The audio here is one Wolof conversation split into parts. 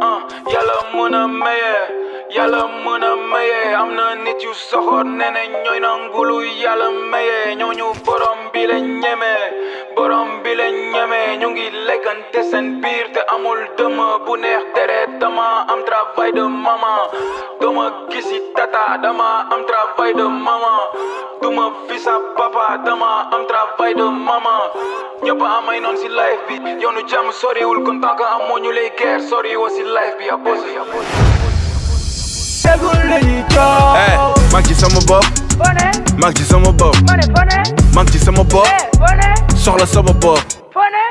ah yàlla mun a maye yàlla mun a maye am na nit yu soxor nee na ñooy na ngulu yàlla maye ñooñu borom bi la ñeme borom bi la ñeme ñu ngi lekkante seen biir te amul dëmm bu neex deret dama am travail de maman dama gisi tata dama am travail de maman duma fisa papa dama am travail de maman ñëpp amay noon si life bi yoonu jàmm soriwul kon tant que amoo ñu lay guerre soriwoo si life bi abose abose. tegul lañuy coow. Eh, mag ci sama bopp. fone. mag ci sama bopp. ma ne fone. mag ci sama bopp. Eh, fone. soxla sama bopp. fone.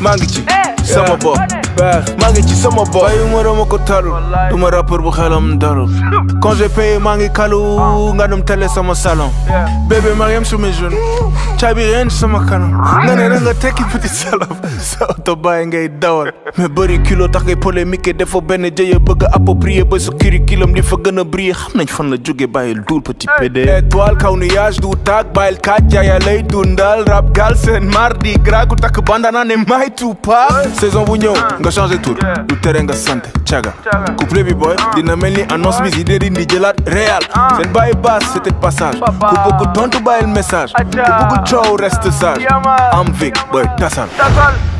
maa ngi ci. Eh, sama bopp. baax maa ngi ci sama bopp bayu ma dama ma rappeur bu xelam dalu quand j'ai payé maa ngi kalu ah. nga dem tele sama salon bébé Mariam sur mes genoux caabi rien sama kanam nga ne tekki petit salaf sa oto ngay dawal mais bëri kilo tax ngay polémique defoo benn jëye bëgg a approprier ba sa curriculum li fa gën a briller xam nañ fan la jóge bàyyil duul petit pédé étoile kaw nuage du taag bàyyil kaaj yaaya lay dundal rap gal seen mardi gras takk bandana ne tu Tupac saison bu ñëw ah. nga changé tour du tere nga sant caga couple bi boy ah. dina mel ni annonce bi si ah. dérin di jëlaat réal ah. seen bàyyi baas c'était passage ku bëgg tontu bàyyil message ku bëgg coow reste sage am vic boy tasal